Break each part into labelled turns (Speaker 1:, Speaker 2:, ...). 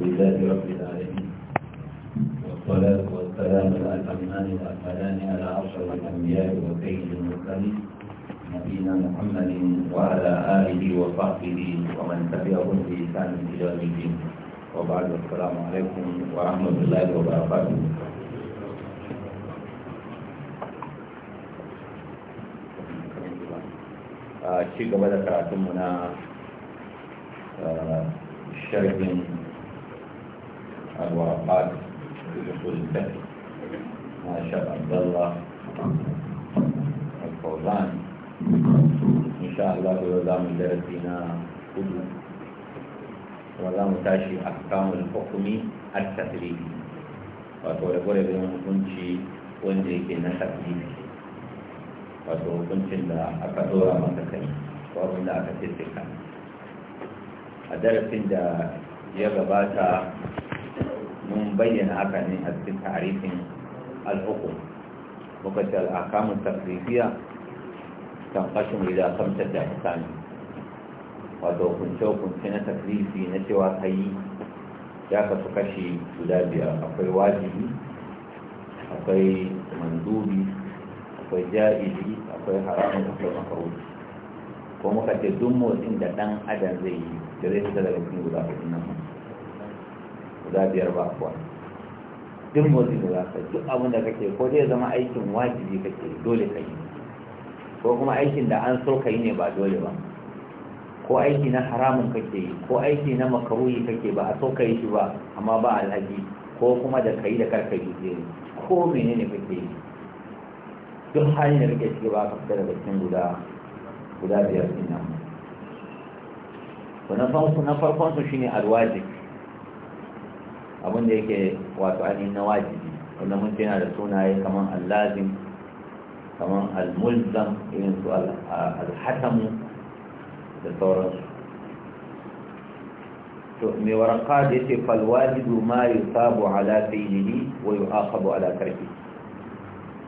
Speaker 1: لله رب العالمين والصلاة والسلام الأتمان الأكملان على أشرف الأنبياء وسيد المرسلين نبينا محمد وعلى آله وصحبه ومن تبعهم بإحسان إلى يوم الدين وبعد السلام عليكم ورحمة الله وبركاته ci gaba da karatunmu الورقات في أصول الفقه مع الشيخ عبد الله الفوزان إن شاء الله بلزام درسنا كله ولزام تاشي أحكام الحكم التقليدي wato da gwada bin hukunci wanda yake na tafiye wato hukuncin da aka dora masa kai wato da aka tattaka a darasin da ya gabata mun bayyana haka ne a cikin tarihin al'ukun muka ce al'akamun kan tamkashin rida kamtar da sami wato kunce-kunce na tafrifi na cewa kayi ya kasu kashi guda biyar akwai wajibi akwai mandubi akwai ja'ili akwai haramun akwai makaruci ko muka ce duk motsin da ɗan adam zai yi da zai fita daga cikin guda hudu nan guda biyar ba kuwa duk motsi da za ka duk abin da kake ko zai zama aikin wajibi kake dole ka yi ko kuma aikin da an so ka yi ne ba dole ba ko aiki na haramun kake yi ko aiki na makaruhi kake ba a so ka yi shi ba amma ba alhaji ko kuma da ka yi da karka yi eh, ko mene ne kake yi duk hali da kake shi ba ka fita daga cikin guda guda biyar din nan to na farko na farkon su shine alwajib abin da yake wato ainihin na wajibi wanda mun ce yana da sunaye kamar allazim kamar almulzam irin su alhatamu da sauransu to mai waraka da yake fal wajibu ma yusabu ala fi'lihi wa yu'aqabu ala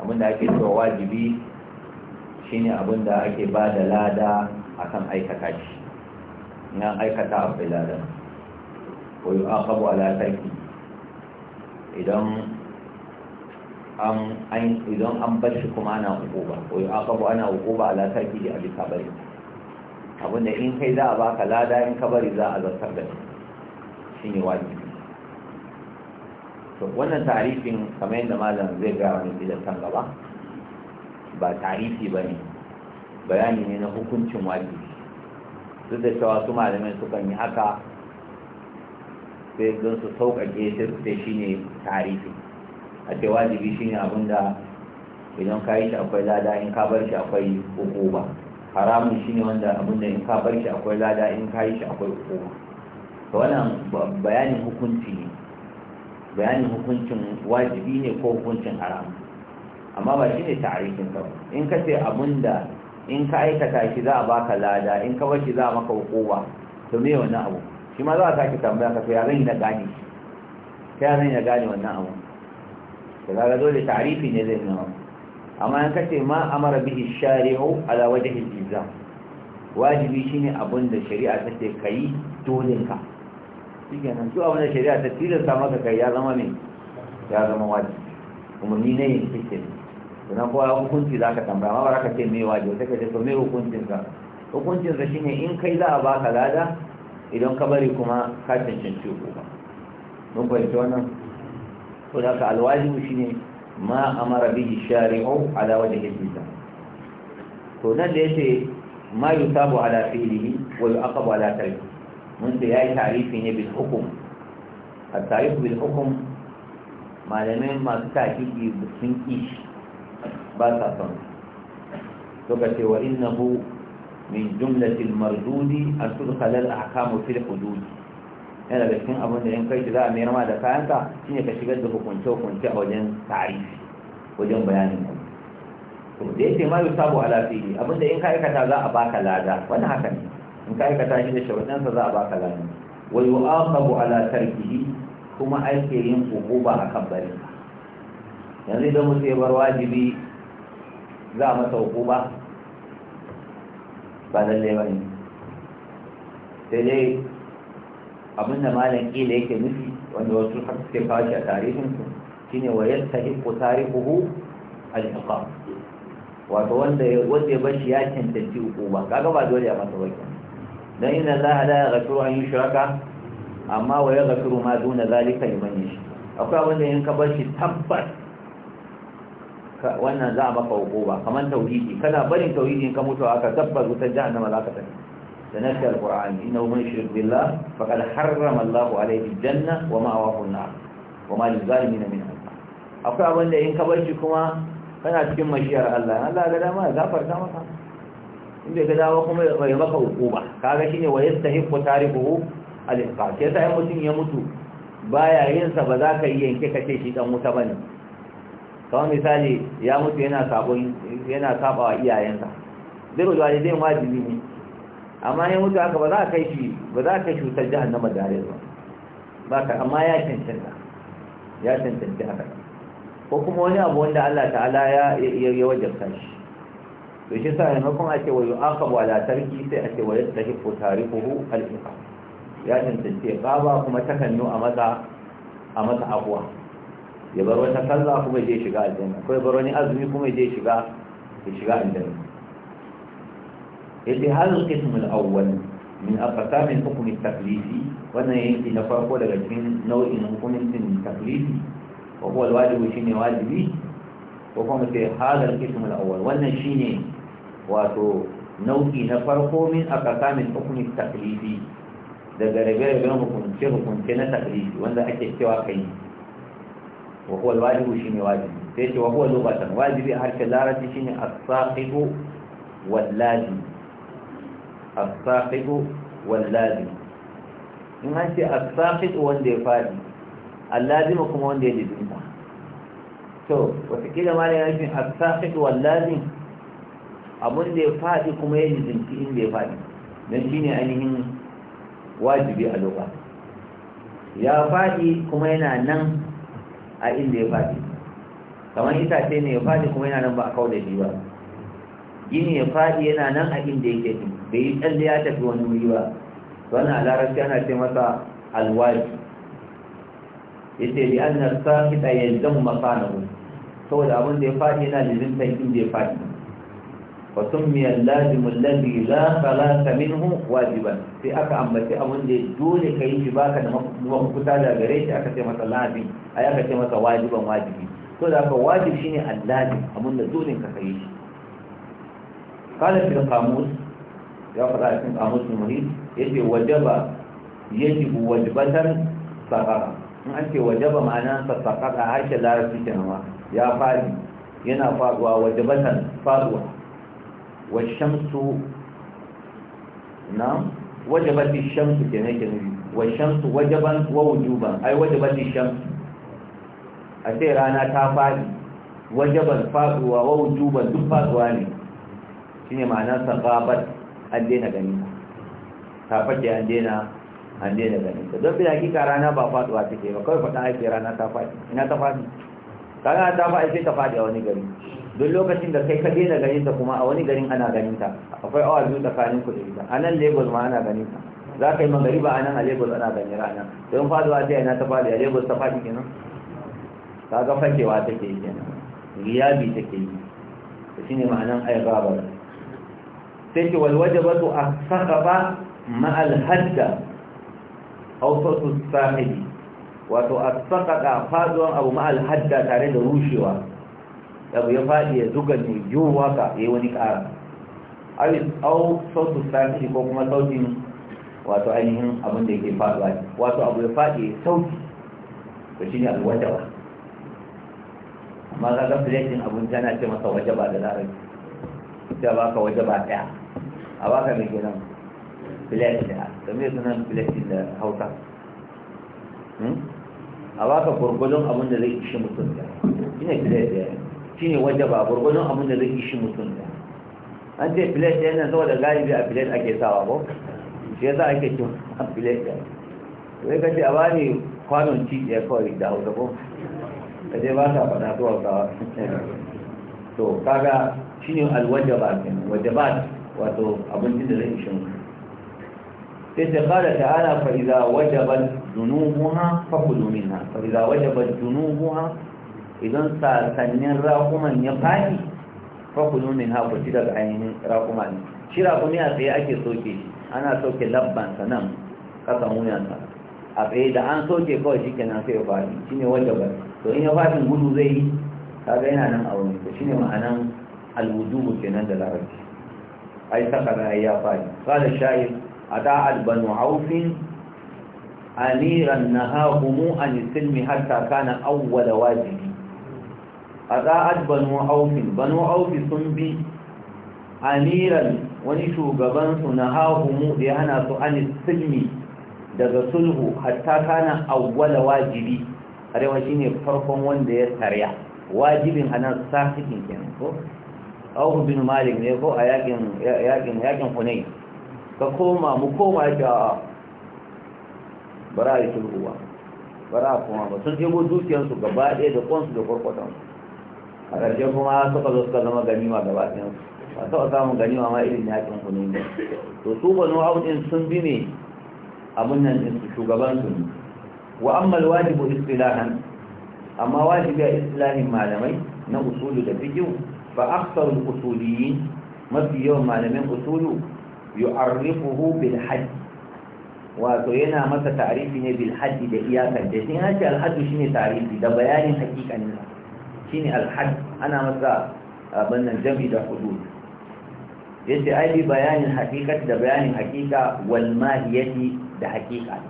Speaker 1: abin da ake cewa wajibi shine da ake ba da lada akan aikata shi ina aikata a lada wa yu'aqabu ala tarki idan an bar shi kuma ana hukuba aka bu ana hukuba ala taki da abin kabari abinda in kai za a baka lada in kabari za a zartar da shi ne wajibi to wannan tarifin kamar yadda malam zai ga wani bidan kan gaba ba tarifi ba ne bayani ne na hukuncin wajibi duk da cewa su malamin sukan yi haka sai don su sauƙaƙe sai shi ne tarihi tarifi a ce wajibi shine abin da idan ka yi shi akwai lada in ka bar shi akwai hukuma haramun shi ne wanda abin da in ka bar shi akwai lada in ka yi shi akwai hukuma to wannan bayanin hukunci ne bayanin hukuncin wajibi ne ko hukuncin haram amma ba shi ne tarihin ba in ka ce abinda in ka aikata shi za a baka lada in ka bar shi za a maka hukuma to me wannan abu shi ma za a sake tambaya ka sai ya zan yi na gane shi ta ya zan yi na gane wannan abu da zo dole tarifi ne zai nuna amma yan kace ma amara bihi shari'u ala wajhi al-ilzam wajibi shine abin da shari'a ta ce kai dole ka shikenan duk abin da shari'a ta tilasta maka kai ya zama ne ya zama wajibi umarni ne yin ce. sannan kowa hukunci za ka tambaya amma ba za ka ce me wajibi sai ka ce to me hukuncinsa hukuncinsa shine in kai za a baka lada idan ka bari kuma ka cancanci hukuma mun fahimci wannan to da ka alwajibu shine ma amara bihi shari'u ala wajhi al-bid'a to nan da yace ma yusabu ala fi'lihi wa yu'aqabu ala tarki mun da yayi tarifi ne bil hukum at tarifu bil hukum malamai masu takiki sun ki ba sa son to ka ce wa innahu min jumlatil mardudi a turkalar ahkamu fil hududi yana da cikin abin da yan kai za a mayar ma da kayanka shine ka shigar da hukunce-hukunce a wajen tarihi wajen bayanin ku to da yake ma yusabu ala fihi abin da in ka aikata za a baka lada wannan haka ne in ka aikata shi da sa za a baka lada wa yu'aqabu ala tarkihi kuma ake yin a kan barin yanzu idan mutum ya bar wajibi za a masa hukuma ba lalle ba ne sai dai abin da malam kila yake nufi wanda wasu har suke kawo a tarihinsu shine wa yadda hiko tarihuhu al-iqam wato wanda wanda ba shi ya cancanci ba, kaga ba dole a masa wakil dan inna Allah la yaghfiru an yushraka amma wa yaghfiru ma duna zalika liman yasha akwai abin da in ka bar shi tabbas wannan za a maka ba kamar tauhidi kana barin tauhidin ka mutu aka tabbas wutar jahannama za ka tafi da na nashi alqur'ani innahu man yushrik billah faqad harrama Allahu alayhi janna wa ma'awahu an-nar wa ma lizalimin min ansar akwai abin da in ka bar shi kuma kana cikin mashiyar Allah Allah ga dama ya gafarta maka in bai ga dawo kuma ya maka hukuma kaga shine wa yastahiqu tarihu al-iqam sai sai mutum ya mutu baya yin sa ba za ka yi yanke kace shi dan wuta bane kamar misali ya mutu yana sabon yana saba wa iyayensa zirul walidain wajibi ne amma ya mutu haka ba za a kai shi ba za a kai shi wutar jahannama da hare ba ba ka amma ya cancanta ya cancanta haka ko kuma wani abu wanda Allah ta'ala ya ya wajabta shi to shi sa maimakon a ce aka ba da tarki sai a ce wa ko tari al-iqam ya cancanta ba ba kuma takannu a maza a maza abuwa ya bar wata sallah kuma ya shiga aljanna ko ya bar wani azumi kuma ya shiga ya shiga aljanna yace hal qism al-awwal min aqsam al-hukm al-taklifi wannan yake na farko daga cikin nau'in hukumin taklifi wa huwa al-wajib shine wajibi ko kuma sai hal qism al-awwal wannan shine wato nau'i na farko min aqsam al-hukm al-taklifi daga rabe-raben hukunce-hukunce na taklifi wanda ake cewa kai wa huwa shine wajibi sai ce wa huwa lughatan wajibi a harshen larabci shine as-saqibu wallazi as in an ce wanda ya fadi allazi kuma wanda ya dinka to wataƙila ma ne ya yi as-saqib wallazi abun da ya fadi kuma ya ya dan shine ainihin wajibi a ya faɗi kuma yana nan a inda ya faɗi kamar itace ne ya faɗi kuma yana nan ba a kawo da shi ba gini ya faɗi yana nan a inda ya ne bai yi tsalle ya tafi wani wuri ba wannan a ana ce masa alwaji yace li anna zama masana makanahu saboda abin da ya faɗi yana da lizimtan inda ya faɗi فسمي اللازم الذي لا خلاص منه واجبا في أكا أمتي أمون دي دولي كي شباكا نمكتا دا غريش أكا تيمة لازم أي أكا تيمة واجبا واجبي تو دا أكا واجب شيني اللازم أمون دولي كخيش قال في القاموس يا قرأ في القاموس المهيد يجي وجب يجب وجبة سقطة in an ce wajaba ma'anansa sakata harshe larabci kenan ya faɗi yana faɗuwa wajabatan faɗuwa والشمس نعم وجبت الشمس كما كان والشمس وجبا ووجوبا أي وجبت الشمس أنا تافاد وجبا فاقوا ووجوبا دفا قواني شنو معنى ثقابت أدينا غنيمة تافاد أدينا an daina ganin ta don bila kika rana ba faduwa take ba kawai fata ake rana ta fadi ina ta fadi kaga ta fadi sai ta fadi a wani gari don lokacin da kai ka daina ganin ta kuma a wani garin ana ganin ta akwai awa biyu tsakanin ku da ita a nan lagos ma ana ganin ta za ka yi magariba a nan a lagos ana ganin rana don faduwa ta yana ta faɗi a lagos ta faɗi kenan ka ga fakewa ta ke kenan riyabi ta ke yi da shi ne ma'anan aibabar sai ce walwajabatu a sakaba ma'al hadda hausatu sahili wato a sakaka faduwan abu ma'al hadda tare da rushewa abu ya faɗi ya zuga ne yiwuwa ka ya yi wani ƙara Abin au sautu sashi ko kuma sautin wato ainihin abin da yake faɗuwa ne wato abu ya faɗi ya sauti to shi ne abu ba. amma za ka filetin abin tana ce masa ba da zarar ita ba ka ba ɗaya a ba ka mai kenan filet ɗaya da mai sunan filetin da hausa hmm? a ba ka gwargwadon abin da zai ishe mutum ɗaya shi ne filet ɗaya ne wajen ba gurgurdun abin da zai ishi mutum an ce filet ɗaya nan saboda galibi a filet ake sawa ko shi yasa ake cin a filet ɗaya zai ka ce a bani kwanon ci ɗaya kawai da hausa ko ka je ba ka faɗa zuwa sawa to kaga shine wajen wajabat wato abinci da zai ishi mutum sai ta kada ta'ala fa idza wajabat dunubuha fa kulu minha fa idza wajabat ha. idan sasannin raƙuman ya fadi fakulu min haku ci daga ainihin raƙuma ne shi raƙumi a tsaye ake soke ana soke labbansa nan ƙasan wuyansa a tsaye da an soke kawai shi kenan sai ya fadi shi ne wanda ba to in ya fadin gudu zai yi kaga yana nan a wani shi ne ma'anan alwudu kenan da larabci ai sakara ya fadi shayin, a ata albanu haufin aufin أميرا نهاهم عن السلم حتى كان أول واجبي ata'at banu auf banu auf sun bi amiran wani shugaban su na hahumu da ya su an silmi daga sulhu hatta kana awwala wajibi arewa shine farkon wanda ya tarya wajibin ana sahihin kenan ko Auf bin Malik ne ko a yakin yakin yakin ka koma mu koma ga bara yi sulhuwa bara kuma ba sun ɗebo su gaba ɗaya da kwansu da su. a ƙarshe kuma suka zo suka zama ganima gaba ɗin ba taɓa samun ganima ma irin yakin ku ne to su banu audin sun bi ne abin nan ɗin su shugaban su ne wa ammal wajibu istilahan amma wajibi a istilahin malamai na usulu da fikihu fa aksarul usuliyin mafi yawan malamin usulu yu'arrifuhu bil hajj wato yana masa tarifi ne bil da iyakar da shi yace al shine tarifi da bayanin hakikanin sa shine alhad ana masa abin nan jami da hudud yadda ai bi bayanin haqiqat da bayanin haqiqa wal mahiyati da haqiqa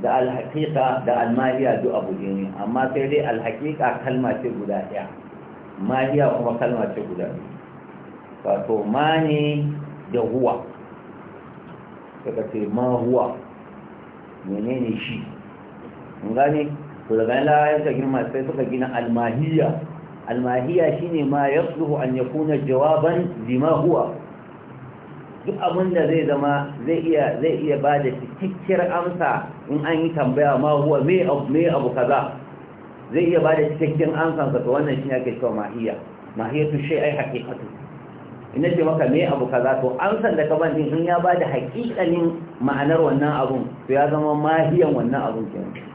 Speaker 1: da alhakika da almahiya duk abu ne amma sai dai alhakika kalma ce guda daya mahiya kuma kalma ce guda ɗaya. wato mani da huwa suka ce ma huwa menene shi gane to daga yana yanka girma sai suka gina almahiya almahiya shine ma yasluhu an yakuna jawaban lima duk abinda zai zama zai iya zai iya bada cikakkiyar amsa in an yi tambaya ma huwa mai abu kaza zai iya ba da cikakken amsa ga wannan shi shine ake cewa mahiya mahiyatu shay ai haqiqatu Ina ce maka mai abu kaza to amsan da ka ban din in ya ba da haqiqanin ma'anar wannan abun to ya zama mahiyan wannan abun kenan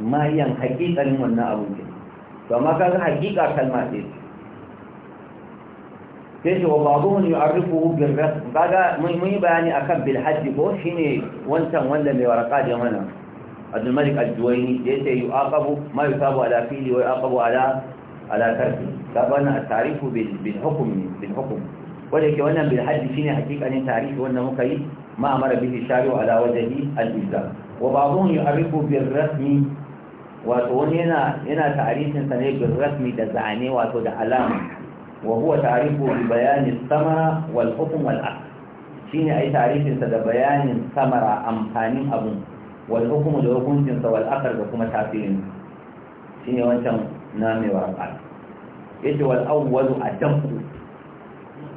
Speaker 1: ma mayan hakikalin wannan abin ne ba ma kaga hakika kalma ce sai ce wa ba'dhum yu'arrifuhu bil rasm kaga mun yi bayani akan bil hajj ko shine wancan wanda mai waraka da mana Abdul Malik Al-Juwayni yace yu'aqabu ma yusabu ala fili wa yu'aqabu ala ala ta kaga wannan at-ta'rifu bil bil hukm bil hukm wanda ke wannan bil hajj shine hakikanin tarihi wannan muka yi ma amara bihi shari'a ala wajhi al-ijza wa ba'dhum yu'arrifu bil rasmi wato wani yana yana ta'arifin sa ne bil rasmi da zane wato da alama wa huwa ta'rifu bi bayani samara wal hukm wal aqd shine ai ta'rifin sa da bayanin samara amfanin abu wal hukm da hukuncin sa wal aqd da kuma tasirin shine wancan na mai warqa yace wal awwal adabku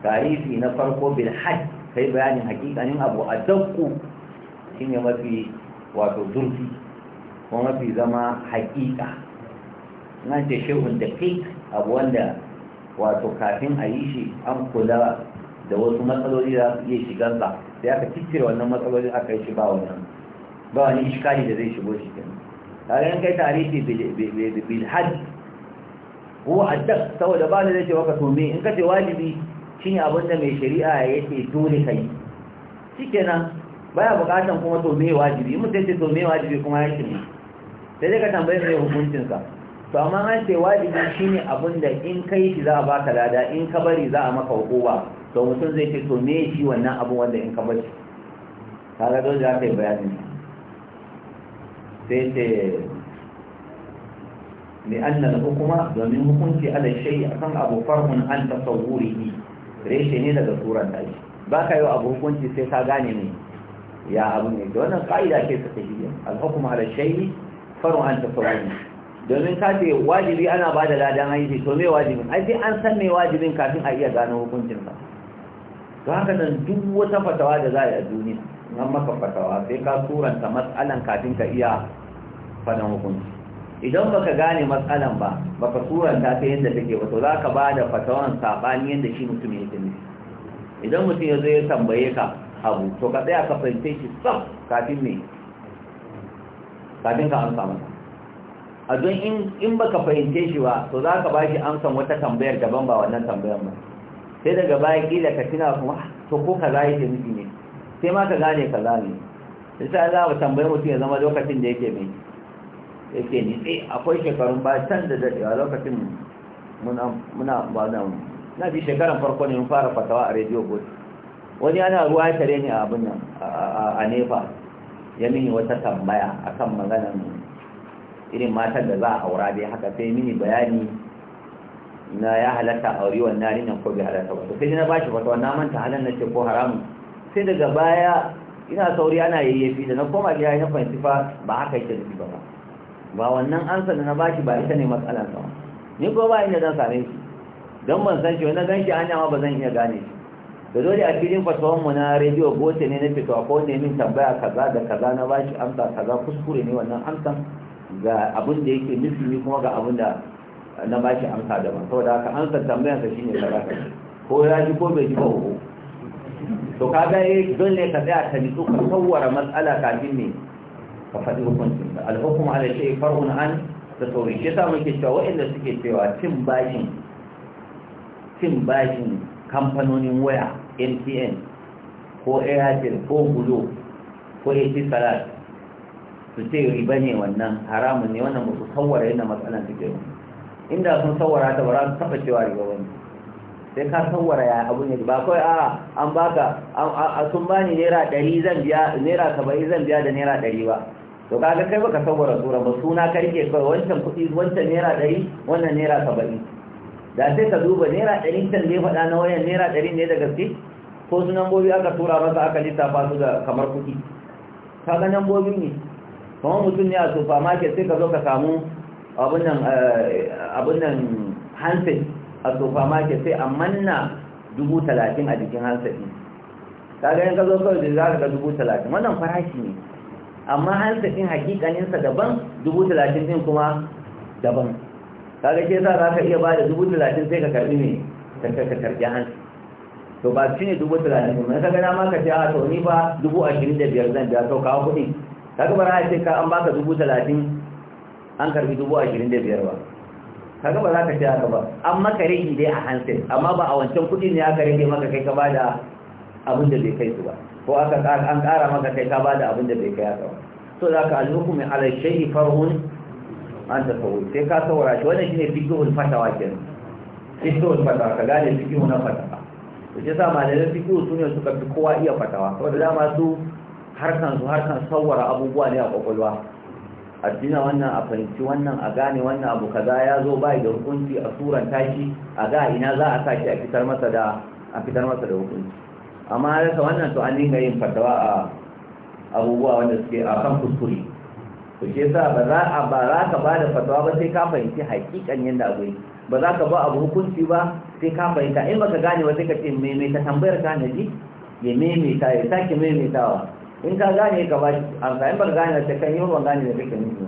Speaker 1: ta'rifi na farko bil hajj kai bayanin hakikanin abu adabku shine mafi wato zurfi kuma mafi zama haƙiƙa na ce shehun da abu wanda wato kafin a yi shi an kula da wasu matsaloli da su iya shigansa sai aka ciccire wannan matsaloli aka yi shi ba wani ba wani iskali da zai shigo shi kenan tare an kai tarihi bil hajj huwa addaq saboda ba ne zai ce waka tome in ka ce wajibi shine ne abinda mai shari'a ya ce dole kai shikenan baya bukatan kuma to me wajibi mutum ce to me wajibi kuma ya ne. sai dai ka tambaye mai hukuncinsa to amma an ce wajibi shine abinda in kai shi za a baka lada in ka bari za a maka hukuma to mutum zai ce to me shi wannan abu wanda in ka bari kaga dole za ka yi bayanin sai ce li annal hukuma domin hukunci ala shay akan abu farhun an ne. reshe ne daga suran tashi ba ka yi wa abu hukunci sai ka gane ne ya abu ne da wannan ka'ida ke ta tafiya al hukuma ala shay'i farin an tasawuri domin ka ce wajibi ana ba da ladan aiki to me wajibin ai sai an san me wajibin kafin a iya gano hukuncin sa to haka nan duk wata fatawa da za a yi a duniya nan maka fatawa sai ka turanta matsalan kafin ka iya fadan hukunci idan baka gane matsalan ba baka turanta ta yadda take ba to za ka ba da fatawan sabani yadda shi mutum ya nufi idan mutum ya zo ya tambaye ka abu to ka tsaya ka fahimce shi tsaf kafin me. kafin ka amsa masa a don in baka fahimce shi ba to za ka bashi amsa amsan wata tambayar daban ba wannan tambayar ba sai daga baya kila ka tuna kuma ah, to ko kaza yake nufi ne sai ma ka gane ka ne sai za mu tambayar mutum ya zama lokacin da yake mai yake ni sai eh, akwai shekarun ba san da a lokacin muna muna ba da na ji shekaran farko ne mun fara fatawa a radio bot wani ana ruwa tare ne a abin nan a nefa ya mini wata tambaya akan maganar irin matan da za a aura dai haka sai mini bayani na ya halatta wuri wannan rinan ko bai halatta ba sai na bashi wata wannan manta na ce ko haramun sai daga baya ina sauri ana yayyafi da na koma gida na fahimci fa ba haka yake nufi ba ba wannan ansa da na bashi ba ita ne matsalar ba ni ko ba inda zan same shi don ban san shi wani gan shi anya amma ba zan iya gane shi da dole a filin fasawan mu na rediyo gote ne na fito ko ne min tambaya kaza da kaza na bashi amsa kaza kuskure ne wannan amsa ga abin da yake nufi ne kuma ga abin da na bashi amsa daban saboda haka amsa tambayar sa shine kaza ko ya ji ko bai ji ba ko to kaga eh dole ka tsaya ka nitsu ka sawwara matsala kafin ne ka faɗi hukuncin ta al-hukmu ala shay'in far'un an tasawwur shi sa muke cewa waɗanda suke cewa cin bashin cin bashin kamfanonin waya mtn ko airtel ko gulo ko etisalat su ce riba ne wannan haramun ne wannan musu tsawara yana matsalan suke inda sun tsawara ta bara za su taɓa cewa riba wani sai ka tsawara ya abu ne ba kawai a an baka a sun bani naira ɗari zan biya naira saba'in zan biya da naira ɗari ba to kaga kai baka tsawara sura ba suna karke kawai wancan kuɗi wancan naira ɗari wannan naira saba'in da sai ka duba naira ɗari can ya faɗa na wayan naira ɗari ne da gaske ko su nambobi aka tura masa aka lissafa su da kamar kuɗi ka ga nambobi ne kamar mutum ne a supermarket sai ka zo ka samu abin nan eh, hanset a supermarket sai a manna dubu talatin a jikin hansin ka ga yin ka zo kawai da za ka ga dubu talatin wannan farashi ne amma hansin hakikaninsa daban dubu talatin din kuma daban kaga ke sa za ka iya ba da dubu talatin sai ka karbi ne ka karbi hansu to ba shi ne dubu talatin kuma ka gana ka ce a ah, to ni ba dubu ashirin da biyar zan biya to kawo kuɗi kaga ba za ce ka an baka dubu talatin an karbi dubu ashirin da biyar ba kaga ba za ka ce haka ba an maka rage dai a hansin amma ba a wancan kuɗi ne aka rage maka kai ka ba da abin da bai kai su ba ko aka an ƙara maka kai ka ba da abin da bai kai haka ba so za ka alhukumi ala shayi farhun an ta sauri sai ka saura shi wannan shine fiqhul fatawa ke fiqhul fatawa ka gane fiqhu na fatawa to sai sa malaman fiqhu su ne suka fi kowa iya fatawa saboda dama su harkan su harkan sawara abubuwa ne a kwakwalwa addina wannan a fahimci wannan a gane wannan abu kaza ya zo bai da hukunci a suran tashi a ga ina za a saki a fitar masa da a fitar masa da hukunci amma rasa wannan to an dinga yin fatawa a abubuwa wanda suke a kan kuskure to shi sa ba za a ba za ka ba da fatawa ba sai ka fahimci hakikan yadda abu yi ba za ka ba abu hukunci ba sai ka fahimta in baka gane ba sai ka ce maimaita tambayar ka na ji ya maimaita ya sake maimaitawa in ka gane ka ba amsa in baka gane ta kan yi ba gane da kake nufi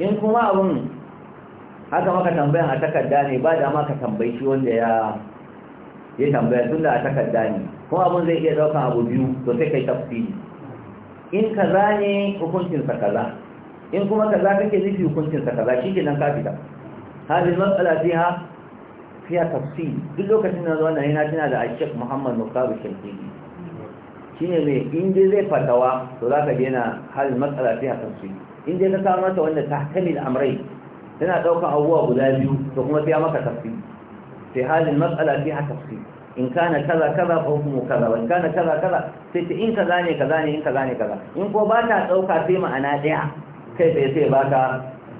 Speaker 1: in kuma abun haka maka tambayan a takarda ne ba da ma ka tambayi shi wanda ya ya tambaya tun da a takarda ne kuma abun zai iya daukan abu biyu to sai kai tafsiri in ka zane hukuncinsa kaza in kuma ka kake nufi hukuncin sa kaza shikenan ka fita hadin ha fi ha tafsir duk lokacin da zuwa na yana tana da ake Muhammad Muqtab shi shine mai in dai zai fatawa to ka ga yana hadin mas'ala fiha tafsir in dai ka samu mata wanda ta tahtamil amrai tana daukan abubuwa guda biyu to kuma fiya maka tafsir fi halin fi ha tafsir in kana kaza kaza ko hukumu kaza wa in kana kaza kaza sai ta in kaza ne kaza ne in kaza ne kaza in ko ba ta dauka sai ma'ana daya kai tsaye sai baka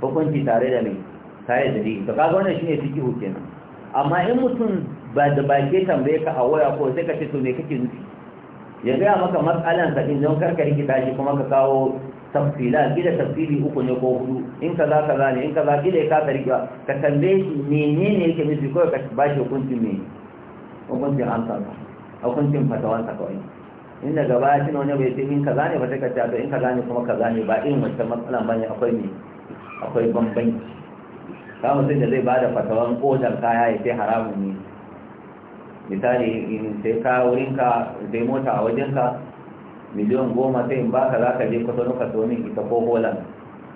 Speaker 1: hukunci tare da mai tare da dini to kaga wannan shine fiki hukin amma in mutum ba da bake tambaye ka a waya ko sai ka ce to me kake nufi ya gaya maka matsalan sa din don karka rikita shi kuma ka kawo tafsila gida tafsiri uku ne ko hudu in kaza kaza ne in kaza gida ka tarika ka tambaye shi menene yake nufi ko ka bashi hukunci me hukuncin an sa hukuncin fatawansa kawai in daga baya shi wani bai ce in ka zane ba sai ka to in ka zane kuma ka zane ba irin wancan matsalan bane akwai ne akwai bambanci ka mutum da zai bada fatawan kodan kaya ya ce haramun ne misali in sai ka ka sai mota a wajen ka miliyan goma sai in baka za ka je kwatano ka so min ita ko holan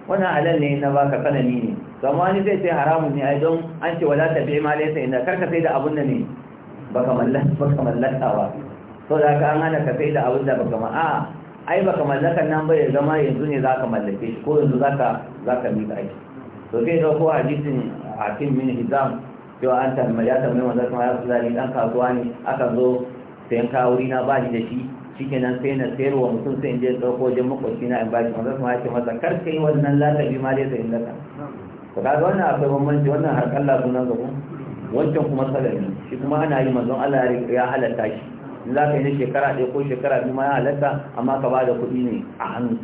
Speaker 1: wannan halal ne na baka kanani ne don wani zai sai haramun ne ai don an ce wala bi ma laisa inda karka sai da abun da ne baka mallaka baka mallaka ba so da ka an hana ka sai da abin da baka ma'a ai baka mallaka nan ba ya zama yanzu ne zaka mallake shi ko yanzu zaka zaka mika shi to sai da ko hadisin hakim min hizam cewa an ta ya tambaye manzo kuma ya kula ni dan kasuwa ne aka zo sayan kawuri na ba ni da shi shikenan sai na sayar wa mutum sai in je dauko wajen makwabci na in ba shi manzo kuma ya ce masa kar kai wannan lalabi ma dai sai ka ka ga wannan akwai bambanci wannan har Allah sunan gabo wancan kuma salami shi kuma ana yi manzon Allah ya halatta shi za ka yi shekara ɗaya ko shekara biyu ma ya halatta amma ka ba da kuɗi ne a hannu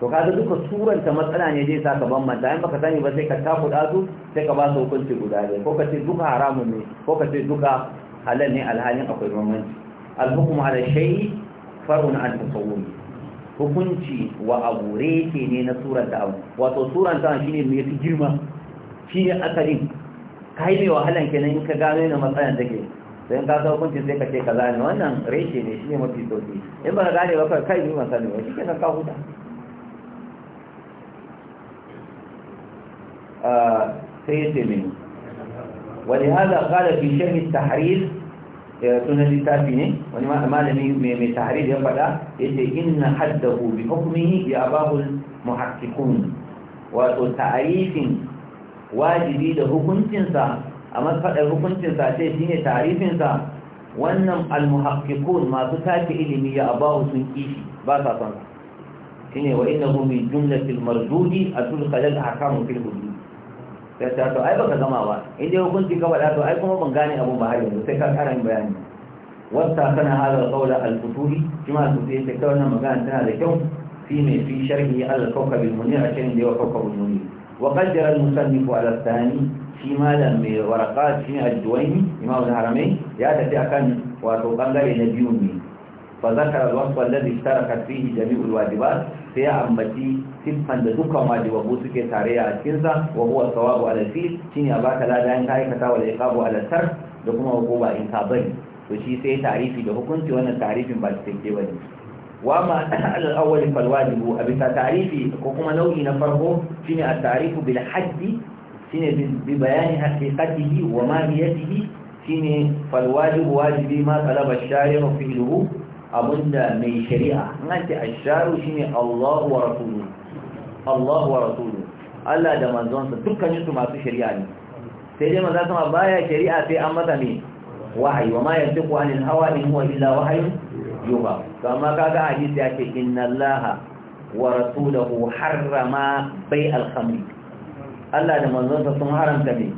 Speaker 1: to ga duka suranta matsala ne zai sa ka manta in baka sani ba sai ka kuɗa su sai ka ba su hukunci guda ɗaya ko ka ce duka haramun ne ko ka ce duka halal ne alhalin akwai bambanci alhukumu ala shay'i far'un an tasawwuri hukunci wa abu reke ne na suranta abu wato suranta shine mai fi girma Shi ne asalin yi mai wahalan kenan in ka gano yana matsalan take sai ka ga hukunci sai ka ce kaza ne wannan reshe ne shi ne mafi sauki in ba ka gane ba ka kai ni masa ne shi ke nan ka huta sai yace min wani hada kala fi shahi tahrir sunan littafi ne wani malami mai tahrir ya faɗa yace inna haddahu bi hukmihi ya abahu muhakkikun wato ta'arifin wajibi da hukuncinsa amma faɗar hukuncinsa ce shi ne tarifinsa wannan almuhakkikun masu take ilimi ya abahu sun kishi ba sa son shi ne wa ina gumi jumla filmar mardudi a tulkalal hakamun fil hudud sai ta to ai baka gama ba in dai hukunci ka faɗa to ai kuma ban gane abun ba har yanzu sai ka ƙara yin bayani wasta kana hada qawla al-futuri kuma su sai ta wannan magana tana da kyau fi mai fi sharhi al-kawkab al-munir a cikin da yawa kawkab al-munir wa qaddara al-musannif ala shi malam mai waraka shi ne addu'aini imam al-haramai ya tafi akan wato bangare na biyu ne fa zakara al-wasf alladhi ishtaraka fihi jami'ul wajibat sai ya ambaci siffan da dukkan wajibabu suke tare a cikin sa wa huwa thawabu ala shi ne a baka lada ka aikata wal iqabu ala tar da kuma hukuma in ka bari to shi sai tarifi da hukunci wannan tarifin ba cikakke bane wa ma al awwal fal wajibu abi tarifi ko kuma nau'i na farko shine at-tarifu bil hajji? shine bi bayani haqiqatihi wa mahiyatihi shine fal wajib wajibi ma talaba shari'u fi'luhu abunda mai shari'a in an ce asharu shine Allah wa rasuluhu Allah wa rasuluhu Allah da manzonsa dukkanin su masu shari'a ne sai dai maza sama baya shari'a sai an masa ne wahayi wa ma yantiqu anil hawa in huwa illa wahyun yuha to amma kaga hadisi yake inna Laha wa rasuluhu harrama al khamri Allah da manzonsa sun haramta ne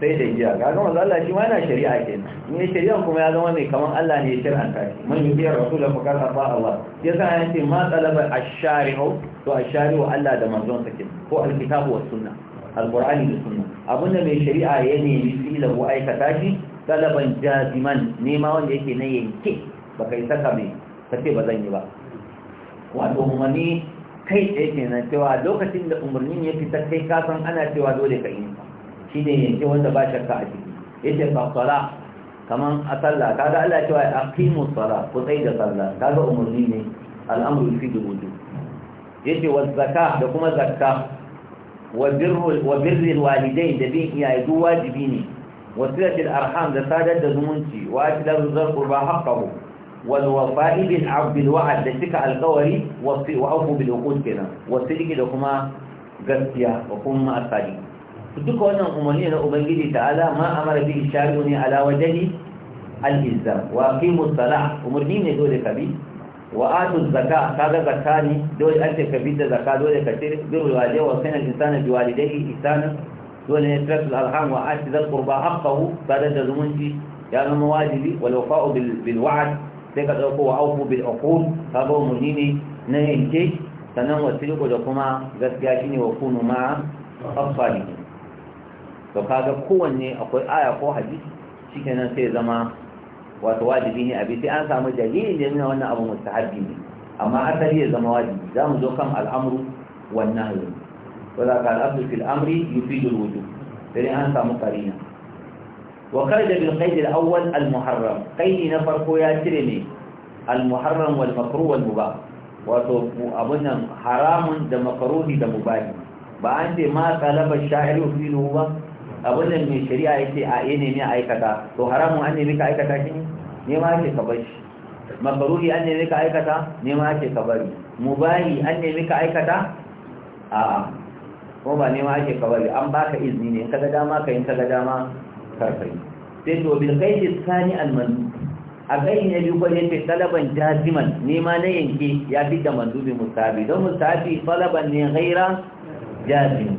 Speaker 1: sai da jiya. ga kuma Allah shi ma yana shari'a kenan ne shari'a kuma ya zama mai kaman Allah ne ya shiranta shi man yubiyar rasul fakar afa Allah ya ya ce ma talaba ash-shari'u to ash-shari'u Allah da manzonsa kenan ko al-kitabu was sunna al-qur'ani da sunna Abunda mai shari'a ya nemi ku aika ta shi talaban jaziman ne ma wanda yake na yanke baka yi saka mai kace ba zan yi ba wato ni. kai tsaye kenan cewa lokacin da umarnin ya fita kai kasan ana cewa dole ka yi shi ne yanke wanda ba shakka a ciki ce ba tsara kamar a sallah ga Allah cewa aqimu tsara ko tsai da sallah ga umarni ne al'amur fi dubu ce wa zakka da kuma zakka wa birrin walidai da bin iyaye duk wajibi ne wa silatul arham da sadar da zumunci wa da zarqu ba haqqahu walwafa ibin abin da cika alkawari wa auku bil hukud kenan wasu ike da kuma gaskiya wa kuma asali duka wannan umarni na ubangiji ta ala ma amara bi shari'u ne ala wajeni al-izza wa qimu salah umarni ne dole ka bi wa atu zaka kaga zakka ne dole an ce ka da zakka dole ka tare bi walidai wa sanin insana bi walidai insana dole ne tarku alham wa ati zal qurba haqqahu bada da zumunci ya zama wajibi wal wafa bil sai ka ɗauko wa auku bil uqud ka ga na yanke sannan wasiliku da kuma gaskiya shine wa kunu ma afsali to kaga kowanne akwai aya ko hadisi shikenan sai zama wato wajibi ne abi sai an samu dalilin da nuna wannan abu mustahabi ne amma asali ya zama wajibi za mu zo kan al'amru wannan nahyi ka al'amru fil amri yufidu al-wujub sai an samu karina Waƙar da bai haifar aure al-muharram kai ne na farko ya cire ne al-muharram walfakaru walhu ba. Wato fu abin da haramun da makarudi da mubari. Ba an je ma kala ba shayar da filaw ba? shari'a ya a eneni eh a aikata, to haramun an nemi ka aikata shi ne? ma ce ka bar shi? Makarudi an ka aikata? Ne ma ce ka bari? Mubari an nemi ka aikata? A'a. Ko ba ne ma ce ka An baka izini ne in kaga dama ka in kaga dama. kafai sai to bil qaidi tsani al mandu a gaini na biyu kwan yace talaban jaziman nema na yanke ya fi da mandubi musabi don musabi talaban ne ghaira jazim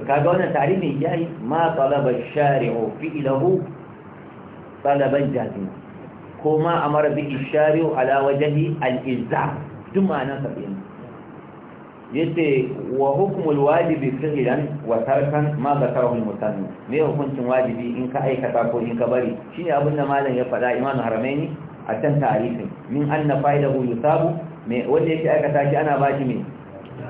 Speaker 1: kaga wannan tarihin yayi ma talaba shari'u fi'lahu talaban jazim ko ma amara bi shari'u ala wajhi al-izza duk ma'anar sa kenan yace wa hukmul wajibi fi'lan wa tarkan ma zakarahu al-mutanni me hukuncin wajibi in ka aikata ko in ka bari shine abin da malam ya faɗa Imam Haramaini a can tarihin min anna fa'idahu yusabu me wanda yake aikata shi ana baki me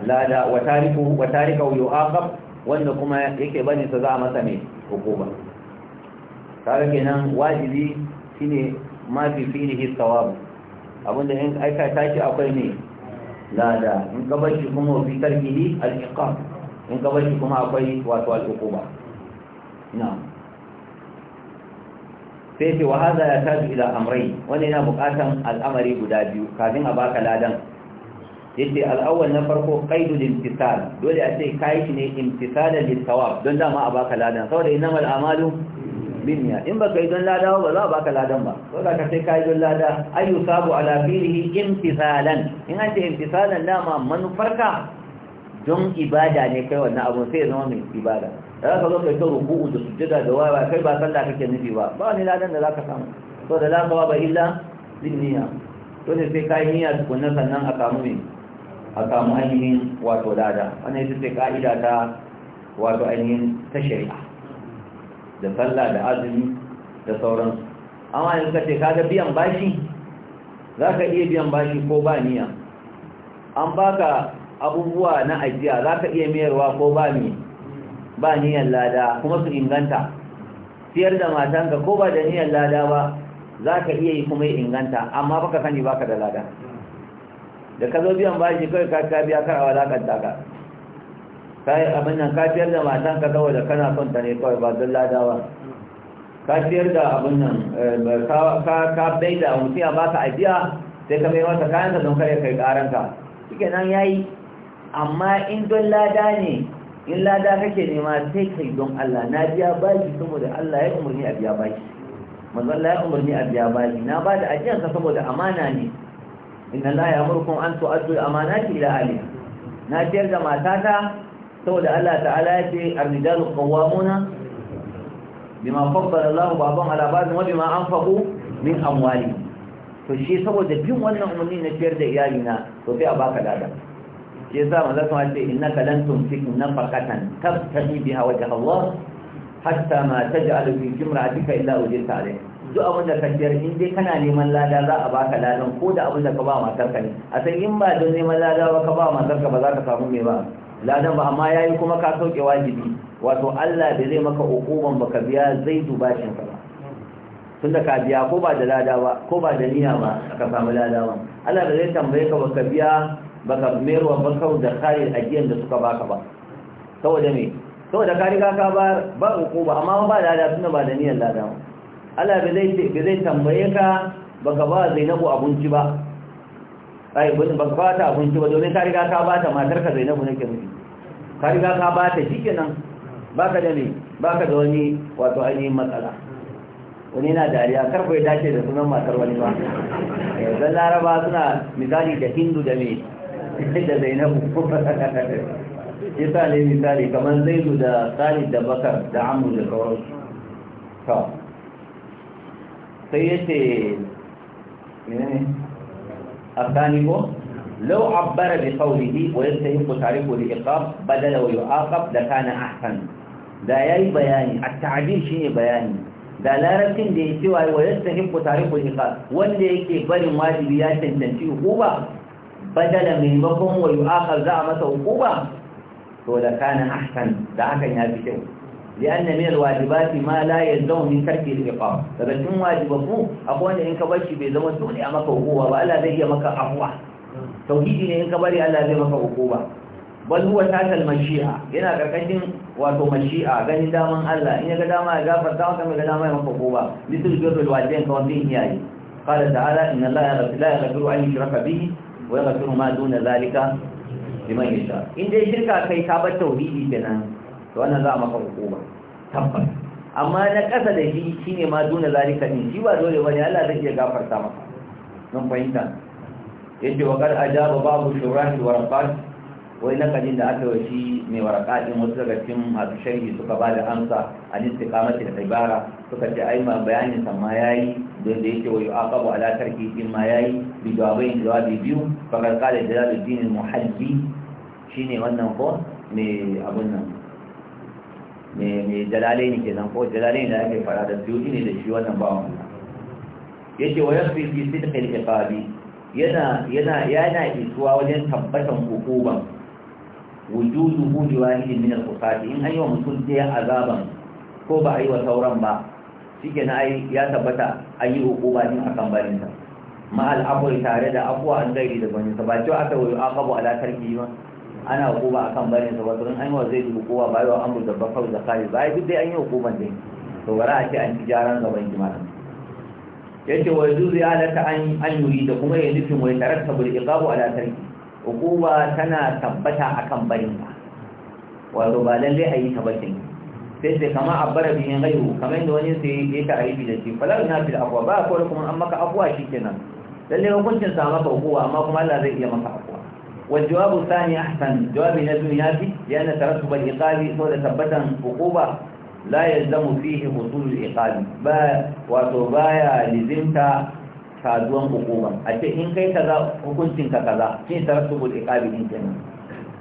Speaker 1: lada wa tariku wa tarikahu yu'aqab wanda kuma yake bani sa za a masa me hukuma kaga kenan wajibi shine ma fi fihi thawab abinda in aikata shi akwai ne lada in ka bar shi kuma fi tarkihi al-iqam in ka bar shi kuma akwai wato al-uquba na'am sai ce wa hadha yataju ila amrai wani yana buƙatan al'amari guda biyu kafin a baka ladan yace al-awwal na farko qaidu al-imtisal dole a ce kai shi ne imtisalan da thawab don dama a baka ladan saboda innamal a'malu binniya in baka yi don lada ba za a baka ladan ba ko za ka sai ka yi don lada ayu sabu ala fihi imtisalan in an ce imtisalan dama manufarka don ibada ne kai wannan abun sai zama mai ibada da za ka zo kai ta ruku'u da sujjada da waya kai ba sallah kake nufi ba ba wani ladan da za ka samu to da la ba illa binniya to ne sai ka yi niyya tukunna sannan a samu mai a samu ainihin wato lada wannan ita ce ka'ida ta wato ainihin ta shari'a da sallah da azumi da sauransu amma yanzu ka ce kaga biyan bashi za ka iya biyan bashi ko ba niyya an baka abubuwa na ajiya za ka iya mayarwa ko ba ni ba niyan lada kuma su inganta siyar da matanka ko ba da niyan lada ba za ka iya yi kuma inganta amma baka sani baka da lada da ka zo biyan bashi kai ka biya kar a wadakanta ka kai abin nan ka ciyar da matan ka saboda kana son ta ne kawai ba don ladawa ka ciyar da abin nan eh, ka bai da mutum ya ka ajiya sai ka mai masa kayan ka don kare kai karanka shike nan ya yi. amma in don lada ne in lada kake nema sai kai don Allah na biya baki saboda Allah ya umarni a biya baki manzon Allah ya umarni a biya baki na ba da ajiyar ka saboda amana ne inna la ya amurkum an tu'addu al-amanati ila ahliha na ciyar da matata saboda Allah ta'ala ya ce ar-rijalu qawwamuna bima faddala Allahu ba'dhum ala ba'dhin wa bima faɓo min amwali to shi saboda bin wannan umarni na ciyar da iyali na to sai a baka lada shi yasa manzo kuma ce innaka lan tumsik nafaqatan tabtahi biha wajha Allah hatta ma taj'al fi jimra'atika illa wajhta alayhi duk abin da ka ciyar in dai kana neman lada za a baka ladan ko da abin da ka ba matarka ne a san in ba don neman lada ba ka ba matarka ba za ka samu me ba ladan ba amma yayi kuma ka sauke wajibi wato Allah da zai maka hukuman baka biya zai duba shin ka ba tunda ka biya ko ba da lada ba ko ba da niyya ba aka samu lada ba Allah da zai tambaye ka baka biya baka merwa ba kawai da kare ajiyar da suka baka ba saboda me saboda ka riga ka ba ba hukuma amma ba lada tunda ba da niyyar lada ba Allah da zai tambaye ka baka ba Zainabu abinci ba ai gudun ba ka ta abinci ba domin ka riga ka bata matarka Zainabu nake nufi ka riga ka bata shikenan baka da ne baka da wani wato ainihin matsala wani na dariya karfe ya dace da sunan matar wani ba zan eh, laraba suna misali da hindu da me da zainabu yasa ne misali kamar zaidu da salid da bakar da amu da sauransu sai yace menene الثاني هو لو عبر بقوله ويستحق تعريفه لإقاب بدل ويعاقب لكان أحسن da ya yi bayani a ta'adil shi ne bayani da larabcin da ya cewa wa yadda himku tarihul hika wanda yake barin wajibi ya cancanci hukuba badala maimakon wa yu'akar za a masa hukuba to da da hakan ya kyau لأن من الواجبات ما لا يلزم من ترك الإقامة فبتكون واجبه أقول إنك بشي بيزم الدخل أمك عقوبة وألا ذي مك عفوة توحيدي إنك بري ألا ذي مك عقوبة بل هو تحت المشيئة هنا كقدم واتو مشيئة غني داما الله إن قداما يغفر داما كما قداما يمك عقوبة مثل بر الوالدين كونتين إياه قال تعالى إن الله لا يغفر أن يشرك به ويغفر ما دون ذلك لمن يشاء إن دي شركة كي تابت توحيدي كنا to wannan za a maka hukuma tabbas amma na ƙasa da shi shine ma duna zalika din shi ba dole bane Allah zai iya gafarta maka mun fahimta yace wa qad ajaba babu shurah wa wani wai na kadin da aka yi mai waraka din wasu daga cikin masu sharhi suka ba da amsa a istiqamati da ibara suka ce ai ma bayanin sa ma yayi don da yake wa yu'aqabu ala tarki din ma yayi bi jawabain jawabi biyu fa qad qala jalaluddin al-muhajji shine wannan ko ne abun nan mai jalalai ne zan ko jalalai da ake fara da biyu ne da shi wannan bawan ya ce wa yafi fi sidqil iqabi yana yana yana isuwa wajen tabbatan hukuman wujuduhu li wahidin min in an yi wa mutum da azaban ko ba a yi wa sauran ba ke na ya tabbata a yi hukuma din akan barin sa ma al tare da abuwa an gairi da bani ba cewa aka wayo akabu a latarki, ba ana hukuma akan barin sa wato in an yi wa zai hukuma ba yawa amur da bakar da kare ba duk dai an yi hukuma dai to bara a ce an ji jaran gaban jimana Yace wa zuzu ya ziyarata an an yuri da kuma ya nufin wai tarar sabul iqabu ala tarki hukuma tana tabbata akan barin sa wato ba lalle a yi ta bakin sai sai kama abbara bihin gairu kamar yadda wani sai ya ta aibi da shi falal na fil afwa ba ko kuma an maka afwa shikenan lalle hukuncin sa maka hukuma amma kuma Allah zai iya maka afwa والجواب الثاني أحسن جواب نجم ياتي لأن ترتب الإقاب هو ثبتا عقوبة لا يلزم فيه حصول الإقاب وتبايا لزمت saduwan hukuma a ce in kai kaza hukuncinka kaza shi tarattubul iqabi din kenan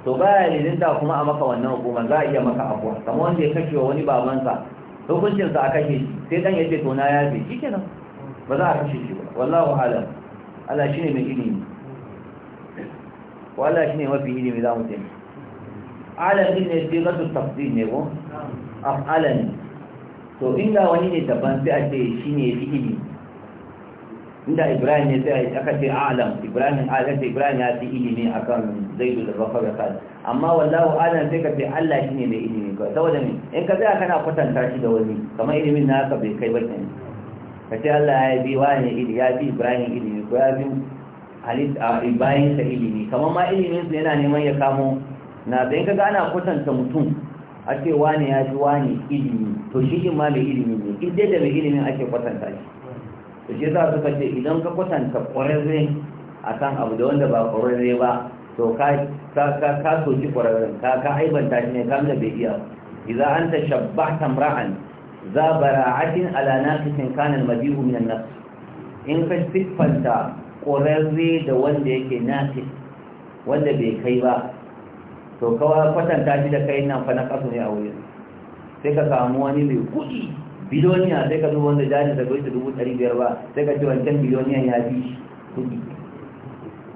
Speaker 1: to ba ya yin kuma a maka wannan hukuma za a iya maka abuwa kamar wanda ya kashe wa wani babansa hukuncinsa a kashe shi sai dan ya ce to na yafe shi ba za a kashe shi ba Allah shine mai ilimi wala shine mafi ilimi za mu tafi Alami ne sai rasu tafsir ne ko Alami. to inda wani ne daban sai a ce shi ne fi ilimi inda ibrahim ne sai aka ce alam ibrahim ya ce ibrahim ya fi ilimi akan zaidu da bakar da amma wallahu alam sai ka ce allah shine mai ilimi ka saboda ne in ka tsaya kana kwatanta shi da wani kamar ilimin na naka bai kai ba ne ka ce allah ya bi wani ilimi ya bi ibrahim ilimi ko ya bi bayan sa ilimi kamar ma ilimin yana neman ya kamo na zai kaga ana kwatanta mutum a ce wani ya ji wani ilimi to shi in ma mai ilimi ne inda da mai ilimin ake kwatanta shi to shi za su kace idan ka kwatanta kwararre a kan abu da wanda ba kwararre ba to ka soki ƙwararren ka ka aibanta shi ne kam da bai iya idan an ta shabba tamra'an za bara'atin ala naqisin kana al min nafs in ka siffanta ƙwararre da wanda yake nafi wanda bai kai ba to kawai kwatanta shi da kai nan fa na kasu ne a wurin sai ka samu wani mai kuɗi biloniya sai ka zo wanda jari da goyi dubu ɗari biyar ba sai ka ce wancan biliyoniya ya fi kuɗi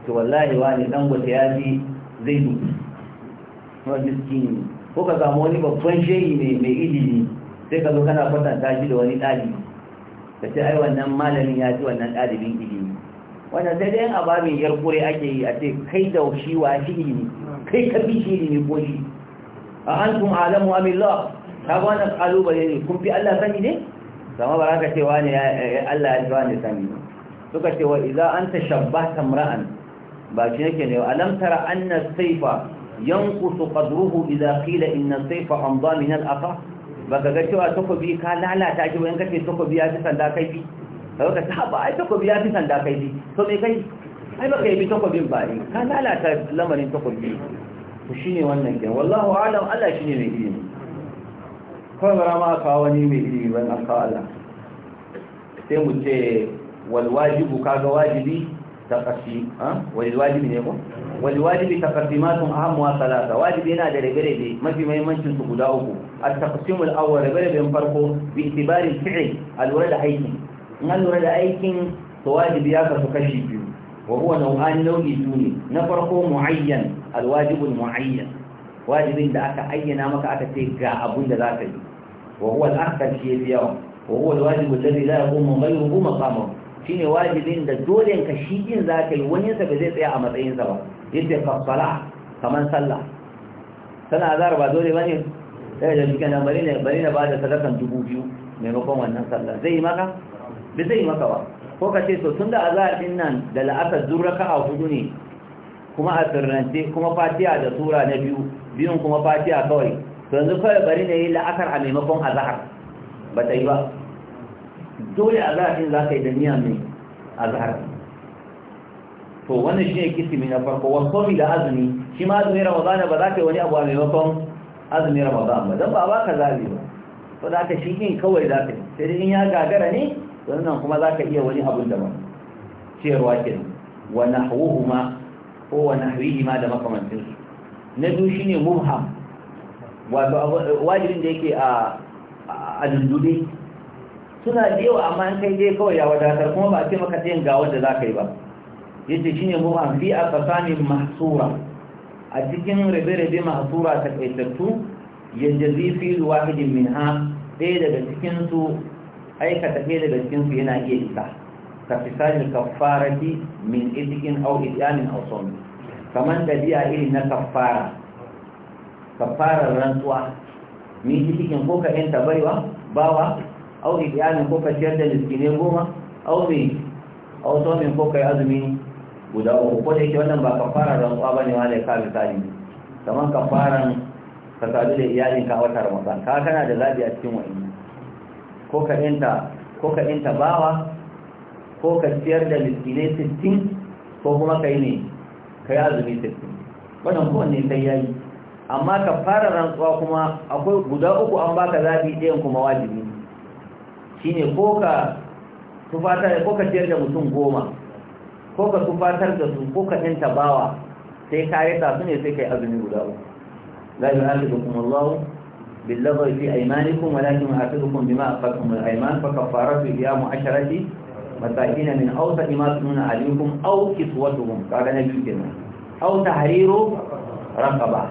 Speaker 1: to wallahi wani ɗan gwata ya fi zai dubu kuma ne ko ka samu wani babban shehi mai ilimi sai ka zo kana kwatanta shi da wani ɗalibi ka ce ai wannan malamin ya fi wannan ɗalibin ilimi wannan daidai dai a babin yar kure ake yi a ce kai da shi wa shi ne kai ka shi ilimi ko shi a antum alamu amillah ta ba wannan kalubale ne kun fi Allah sani ne zama ba ka ce wani eh, Allah ya ji wani sani ne." suka ce wa idza anta shabbata imra'an ba shi yake ne alam tara anna sayfa yanqusu qadruhu idza qila inna sayfa amda min al-aqa baka ga cewa takobi ka lalata shi ba yanka ce takobi ya fi sanda kai kawo ka saba ai takobi ya fi sanda kai bi, to me kai ai baka yi takobin ba ne ka lalata lamarin takobi to shine wannan ke wallahu alam Allah shine mai ilimi kawai bara ma kawo wani mai ilimi ban aka kawo Allah sai mu ce wal wajibu kaga wajibi taqasi ah wal wajibi ne ko wal wajibi taqsimatun ahammu wa salata wajibi yana da rabe-rabe mafi muhimmancin su guda uku at-taqsim al-awwal rabe-raben farko bi itibari fi'l al-wurud hayyin in an lura da aikin to wajibi ya kasu kashi biyu wa huwa nau'an nau'i biyu na farko muayyan alwajibul muayyan wajibin da aka ayyana maka aka ce ga abun da za ka yi wa huwa al-akthar shi yafi yawa wa huwa al-wajib alladhi la yaqumu ghayruhu maqamahu shine wajibin da dole ka shi din za yi wani sa ba zai tsaya a matsayin sa ba yadda ka fara kaman sallah sana azar ba dole bane sai da shi kana bari ne bari na bada sadakan dubu biyu maimakon wannan sallah zai yi maka bi zai maka ba ko ka ce so tun da azahar din nan da la'asar duk a hudu ne kuma a sirrance kuma fatiha da sura na biyu biyun kuma fatiha kawai to yanzu kawai bari na yi la'akar a maimakon azahar ba ta yi ba dole azahar din za ka yi da niyya mai azahar to wannan shi ne mai na farko wasu da azumi shi ma azumi ramadan ba za ka yi wani abu a maimakon azumi ramadan ba don ba ba ka zabi ba ko za ka shi yin kawai za ka yi sai in ya gagara ne wannan kuma za ka iya wani abun da cewa kenan wa ma ko wa ma da makamantin su na biyu shine mubham eh, wajibin da yake a a dundude suna da yawa amma an kai dai kawai ya wadatar kuma ba a ce maka yin gawar da za ka yi ba yace shine mubham fi aqsamin mahsura a cikin rabe-rabe mahsura yanzu zai fi zuwa min ha ɗaya daga cikin aikata ɗaya daga cikinsu yana iya isa ka fisali kafarati min idikin au idamin au somi kamar da biya irin na kafara kafarar rantsuwa min idikin ko ka yanta baiwa bawa au idamin ko ka ciyar da miskinai goma au min au ko ka yi azumi guda uku ko da yake wannan ba kafarar rantsuwa ba ne wanda ya kawo misali kamar kafaran ka sadu da iyalinka a wata ramadan ka kana da zabi a cikin wa'in ko ka yanta ko ka yanta bawa ko ka tiyar da miskinai sittin ko kuma ka yi ne ka yi azumi sittin wannan kowanne sai ya yi amma ka fara rantsuwa kuma akwai guda uku an baka zafi ɗayan kuma wajibi ne ko ka tufatar ko ka tiyar da mutum goma ko ka tufatar da su ko ka yanta bawa sai ka yi su ne sai ka yi azumi guda uku la yi kuma Allah باللغو في أيمانكم ولكن أعتدكم بما أخذتم الأيمان فكفارته إيام عشرة مساكين من أوسط ما تنون عليكم أو كسوتهم قال نبي كنا أو تحرير رقبة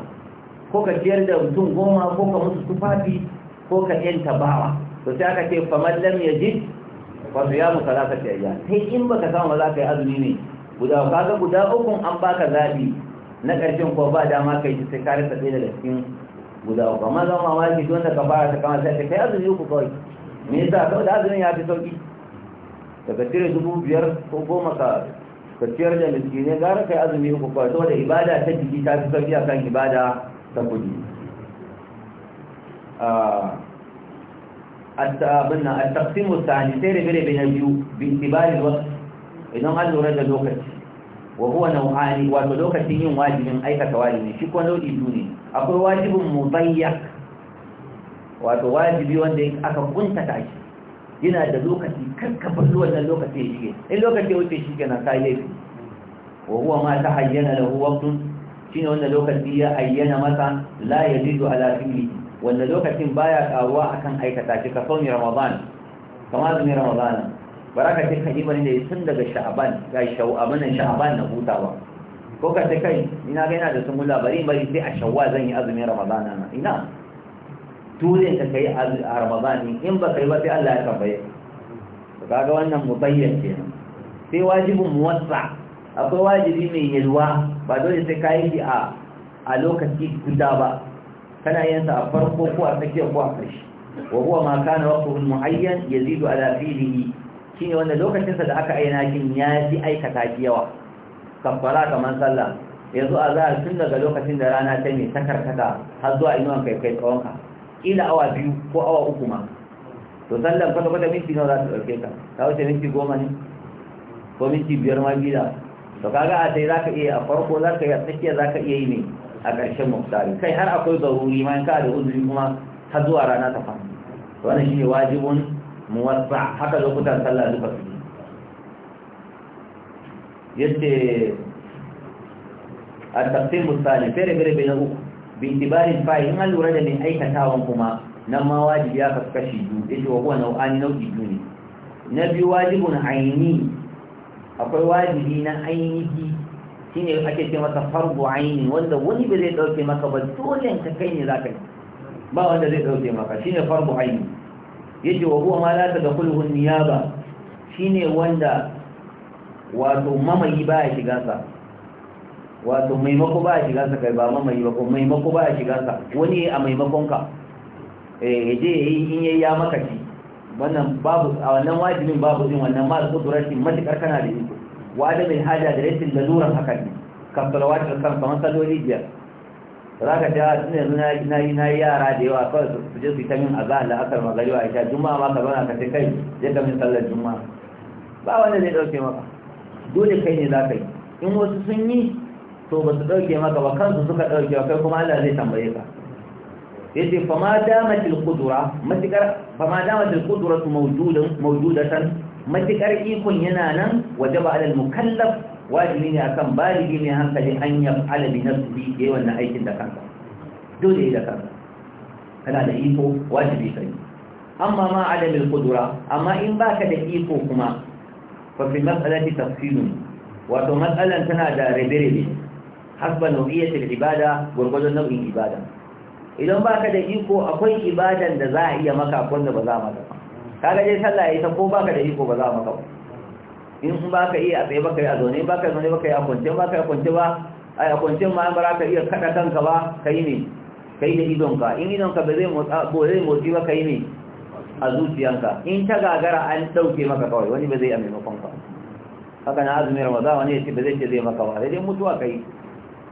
Speaker 1: كوكا تيرد وتون قوما كوكا مستفافي كوكا ينت باوا فساكا كيف فمن لم يجد فصيام ثلاثة أيام هي إن بك سام ذاك أذنيني guda kaga guda ukun an baka zabi na ƙarshen ko ba dama kai sai ka rasa ɗaya daga cikin guda uku amma zama mamaki don da ka fara ta kama sai ka kai azumi uku kawai me yasa kawai da azumin ya fi sauki daga cire dubu biyar ko goma ka ka ciyar da miskine gara ka yi azumi uku kawai saboda ibada ta jiki ta fi sauki akan ibada ta kuɗi ah, abin a al-taqsimu thani sai rabe-rabe na biyu binti itibaril waqt idan an lura da lokaci wa huwa nau'ani wato lokacin yin wajibin aikata wajibi shi kuma nau'i biyu ne akwai wajibin mubayyak wato wajibi wanda aka kunta shi yana da lokaci karkafar wannan lokaci ya shige in lokaci ya wuce shige na kayi laifi wa huwa ma ta hayyana da huwaktun shine wannan wanda lokaci ya ayyana masa la ya zidu ala fili wanda lokacin baya karuwa akan aikata shi ka sauni ramadan kama zumi ramadan baraka ce kadi yi bane da tun daga sha'aban ga sha'aban na hutawa ko ka ta kai ina ga yana da sumula bari bari sai a shawwa zan yi azumin ramadana na ina dole ka kai a ramadani in ba kai ba sai Allah ya tambaye ka ga wannan mubayyan kenan sai wajibin muwassa akwai wajibi mai yalwa ba dole sai kai shi a a lokaci guda ba kana yin sa a farko ko a tsakiya ko a ƙarshe wa huwa ma kana waqtuhu muayyan yazidu ala fihi shine wanda lokacin sa da aka ayyana kin ya ji aikata yawa kamfara kamar sallah yanzu a zahar tun daga lokacin da rana ta mai takarkata har zuwa inuwan kai kai tsawonka kila awa biyu ko awa uku ma to sallan kwata kwata minti nawa za ta ɗauke ka ta wuce minti goma ne ko minti biyar ma gida to kaga a sai za ka iya a farko za ka iya tsakiya za ka iya yi ne a ƙarshen muftari kai har akwai zaruri ma ka da uzuri kuma har zuwa rana ta fa. wannan shine wajibun muwassa haka lokutan sallah duka su yace a taqsim al-thani fere fere bai uku bi itibarin fa'i in an lura da mai aikatawan kuma nan ma wajibi ya kasu kashi biyu yace wa kuwa nau'ani nau'i biyu ne na biyu wajibun aini akwai wajibi na ainihi shine ake ce masa fardu aini wanda wani ba zai dauke maka ba dole ka kai ne zaka yi ba wanda zai dauke maka shine fardu aini yace wa kuwa ma da tadkhuluhu niyaba shine wanda wato mamayi ba ya shiga sa wato maimako ba ya shiga sa kai ba mamayi ba ko maimako ba ya shiga sa wani a maimakon ka eh je in yayi ya maka shi wannan babu a wannan wajibin babu din wannan ma su kudratin matakar kana da iko wa da mai haja da rashin laluran haka ne Ka salawatu kan kamar saloli biyar za ka ta tun yanzu na yi na yara da yawa kawai su je su yi ta min azahar da asar magariwa a sha juma'a ma ka zauna ka ce kai je ka min sallar juma'a ba wanda zai ɗauke maka dole kai ne za ka yi in wasu sun yi to ba su ɗauke maka ba kansu suka ɗauke kai kuma Allah zai tambaye ka yace fa ma damatil kudura matikar fa ma damatil qudratu mawjudan mawjudatan matikar ikon yana nan waje wajaba alal mukallaf wajibi ne akan baligi ne hankali an yaf'ala bi nafsihi yayin wannan aikin da kanka dole yi da kanka kana da iko wajibi kai amma ma alamil kudura. amma in baka da iko kuma ففي المسألة تفصيل wato matsalan tana da rabe-rabe hasba nau'iyatul ibada gwargwadon nau'in ibada idan ba ka da iko akwai ibadan da za a iya maka wanda ba za maka Ka gaje sallah ita ko ba ka da iko ba za maka in ba ka iya a tsaye ba ka yi a zaune Ba ka zaune baka yi a kwance baka yi a kwance ba ai a kwance ma ba ka iya kaɗa kanka ba ka kai ne yi da idonka in idonka ba zai motsi ba ka yi ne a zuciyanka in ta gagara an dauke maka kawai wani ba zai a maimakon ka haka na azumin ramadan wani ya ce ba zai ce zai maka ba sai dai mutuwa kai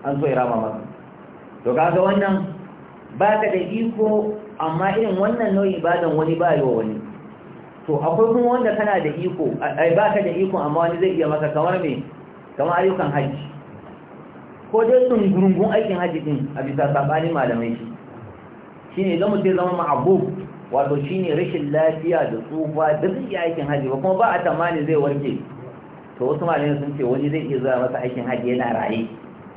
Speaker 1: an so ya rama maka to kaga wannan ba ka da iko amma irin wannan nau'in ibadan wani ba yi wa wani to akwai kuma wanda kana da iko ai ba ka da iko amma wani zai iya maka kamar me kamar ayyukan hajji ko dai sun gurungun aikin hajji din a bisa sabanin malamai shi shine idan mutum zama ma'abub wato shine rashin lafiya da tsufa da zai iya aikin haji ba kuma ba a tamani zai warke to wasu malamai sun ce wani zai iya zuwa masa aikin haji yana raye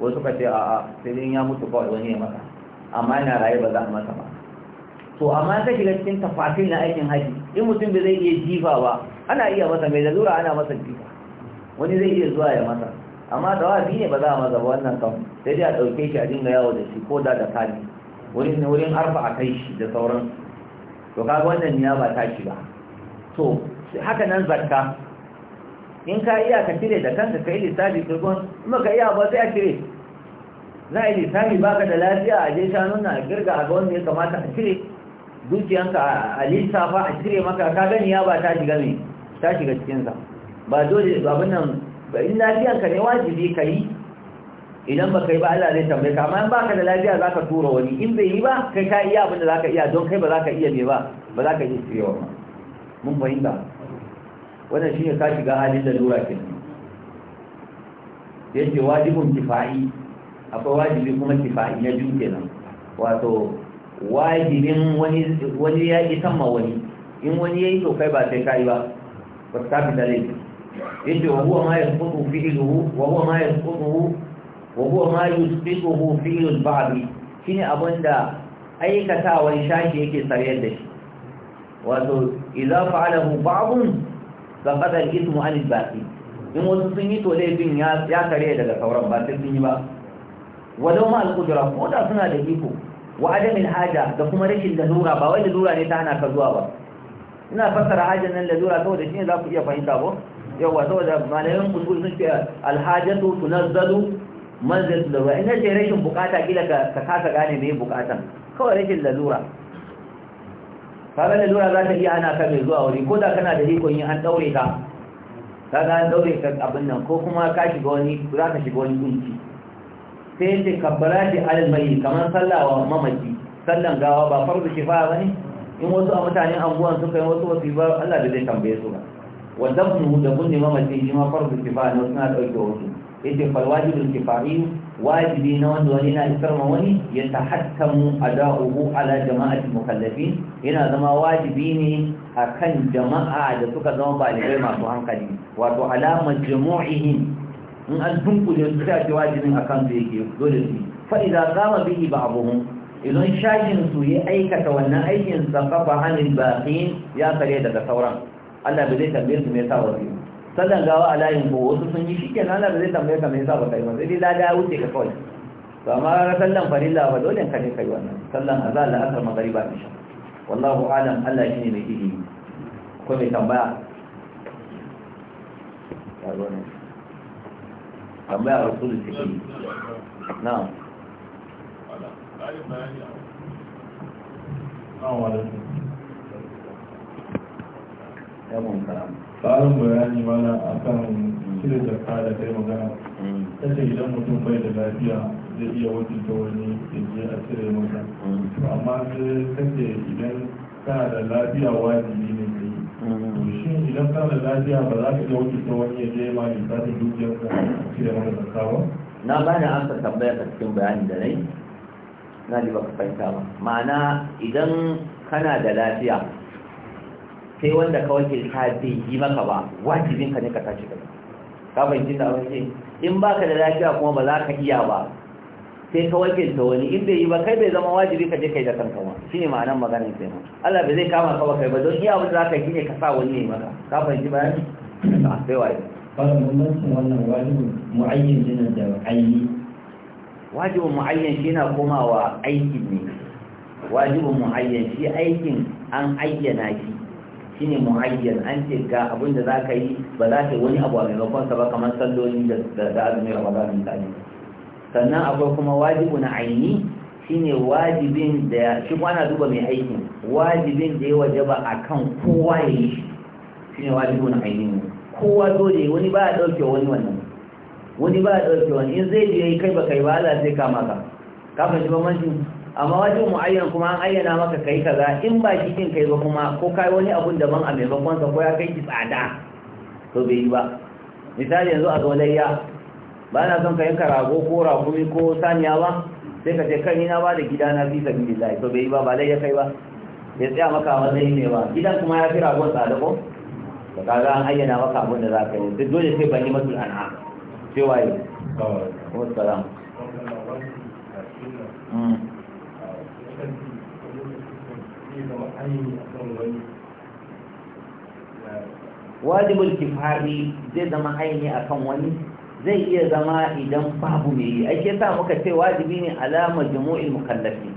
Speaker 1: wasu ka ce a sai ya mutu kawai wani ya masa amma yana raye ba za a masa ba to amma ka shiga cikin tafafin na aikin haji in mutum bai zai iya jifa ba ana iya masa mai lalura ana masa jifa wani zai iya zuwa ya masa amma da wa ne ba za a masa ba wannan kan sai dai a ɗauke shi a dinga yawo da shi ko da da kani wurin arfa a kai shi da sauransu to kaga wannan niyya ba ta ba to haka nan zakka in ka iya ka cire da kanka kai lissafi kirgon kuma ka iya ba sai a cire za a yi lissafi baka da lafiya a je shanun na girga a ga wanda ya kamata a cire dukiyanka a lissafa a cire maka ka gani ya ba ta shiga ne ta shiga cikinsa ba dole abin nan ba in lafiyanka ne wajibi ka yi idan ba kai ba Allah zai tambaye ka amma in baka da lafiya zaka tura wani in bai yi ba kai ka iya abin da zaka iya don kai ba zaka iya me ba ba zaka iya tsirewa ba mun fahimta wannan shine ka shiga halin da lura ke yake wajibin kifa'i akwai wajibi kuma kifa'i na biyu kenan wato wajibin wani wani ya yi sama wani in wani ya yi to kai ba sai ka yi ba ba ka fita laifi yake wa huwa ma yasqutu fi'luhu wa huwa ma yasqutu wa huwa ma yusbiquhu fi'lul ba'd shine abinda aikatawar shashi yake tsariyar da shi wato idza fa'alahu ba'dun faqad al-ithmu 'ala al-baqi in wasu sun yi to bin ya ya kare daga sauran ba sai sun yi ba walau ma al-qudra ko da suna da iko wa adam al-haja da kuma rashin da lura. ba wai lura ne ta hana ka zuwa ba ina fassara hajjan nan lura saboda shine za ku iya fahimta ko yawa saboda malayan kusur sun ce al tunazzalu manzil da ba ina ce rashin bukata kila ka kasa gane me bukatan kawai rashin lalura kaga lalura za ta iya ana ka mai zuwa wuri ko da kana da rikon yin an daure ka ga an daure ka abin nan ko kuma ka shiga wani za ka shiga wani kunci sai yace kabbara ji alal mai kamar sallawa mamaki sallan gawa ba farzu shifa bane in wasu a mutanen anguwan suka yi wasu wasu ba Allah da zai tambaye su ba wa dabnu da bunni mamaki shi ma farzu fa ne suna dauke wasu yace fal kifari wajibi na wanda wani yana isar ma wani ya tahakkamu ada'uhu ala jama'atul mukallafi yana zama wajibi ne akan jama'a da suka zama balibai masu hankali wato ala majmu'ihim in an dunkule su ta ce wajibin akan su yake dole su fa idza ba abu ba'dhum idan shashin su ya aikata wannan aikin sa kafa hanin baqin ya kare daga sauran Allah bai tambaye su me yasa wajibi sallan gawa a layin ko wasu sun yi shi kenan da zai tambaye ka mai sa ba kai ba sai dai da ya wuce ka kawai to amma sallan farilla ba dole ka ne kai wannan sallan azal da asar magariba ne shi wallahu alam Allah shine mai ilimi ko mai tambaya tambaya rasulun take yi na'am Assalamu alaikum. Ya mun karama. tsarin bayani mana kan cire jaka da kai magana mm. ta ce idan mutum bai da lafiya zai iya ta wani da a cire masa mm. amma sai kace idan kana da lafiya wajibi ne ka yi mm. shi idan kana da lafiya ba za ka iya ta wani ya je ma ne za ta dukiyar ka cire masa zakka ba na ba da ka tambaya ka cikin bayani da nai na ji baka fahimta ba ma'ana idan kana da lafiya sai wanda ka wakilta bai yi maka ba wajibin ka ne ka tashi gaba ka fahimci da abin in in baka da lafiya kuma ba za ka iya ba sai ka ta wani in bai yi ba kai bai zama wajibi ka je kai da kanka ma ne ma'anar maganin sai ma Allah bai zai kama ka ba kai ba don iya abin da za ka yi ne ka sa wani ne maka ka fahimci bayani ka ah, sai waye fara bambancin wannan wajibin mu'ayyan jinan da aini wajibin mu'ayyan shi na komawa aikin ne wajibin mu'ayyan shi aikin an ayyana shi shine muayyan an ce ga abin da zaka yi ba za ka yi wani abu a maimakon sa ba kamar salloli da da azumi ramadan misali sannan akwai kuma wajibu na aini shine wajibin da ya shi ana duba mai aikin wajibin da ya wajaba akan kowa ya yi shine wajibu na aini kowa dole wani ba ya dauke wani wannan wani ba ya dauke wani in zai je kai ba kai ba Allah sai kama ka kafin shi bambancin amma wajen mu'ayyan kuma an ayyana maka kai kaza in ba shi kai ba kuma ko kai wani abun daban a maimakon sa ko ya kai ki tsada to bai yi ba misali yanzu a zolayya ba na son ka yanka rago ko rakumi ko saniya ba sai ka ce kai na ba da gida na fi sabi lillahi to bai yi ba ba lai kai ba ya tsaya maka a matsayin ne ba gidan kuma ya fi ragon tsada ko Ka kaga an ayyana maka abun da za ka yi duk dole sai ban yi masu an'a cewa yi. Assalamu wajibul kifari zai zama aini akan wani zai iya zama idan babu mai yi ake sa muka ce wajibi ne alama jumu'il mukallafi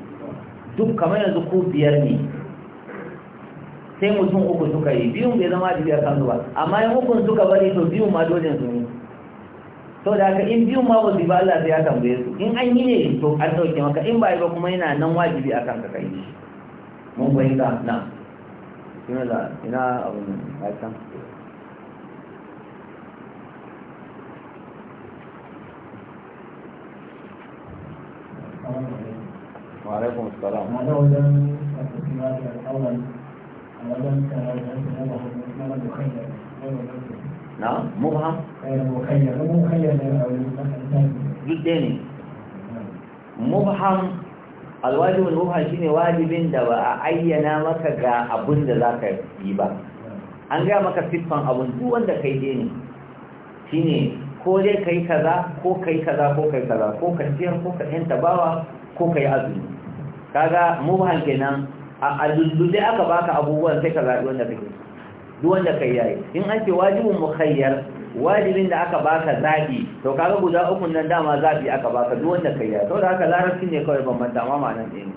Speaker 1: duk kamar yanzu ku biyar ne sai mutum uku suka yi biyun bai zama wajibi akan zuwa amma yan uku suka bari to biyun ma dole su ne to da haka in biyun ma ba su ba Allah sai ya tambaye su in an yi ne to an dauke maka in ba yi ba kuma yana nan wajibi akan ka kai shi mun fahimta na ƙimila ina abin haifan Mubham? Mubham alwajibin ruha shine wajibin da ba a ayyana maka ga abun da za ka yi ba an gaya maka siffan abun duk wanda kai dai ne shine ko dai kai kaza ko kai kaza ko kai kaza ko ka tiyar ko ka yanta bawa ko kai azumi kaga mubhan kenan a lulluɗe aka baka abubuwan sai ka zaɓi wanda kake duk wanda kai yayi in an ce wajibin mukhayyar wajibin da aka baka zabi to kaga guda uku nan dama zabi aka baka duk wanda kai ya saboda haka larabci ne kawai ban dama ma nan ɗin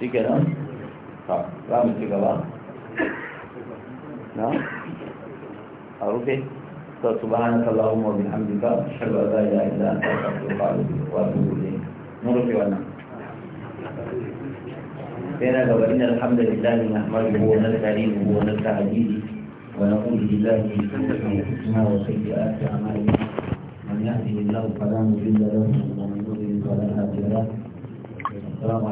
Speaker 1: shi ke nan? ta za mu ci gaba na? a rufe? to subhanaka ya yi ashhadu an la ilaha illa anta astaghfiruka wa atubu ilayk mun rufe wannan سينا قبل إن الحمد لله نحمده ونستعينه ونستهديه ونقول لله من شرور وسيئات أعمالنا من يهده الله فلا مضل له ومن يضلل فلا هادي له السلام عليكم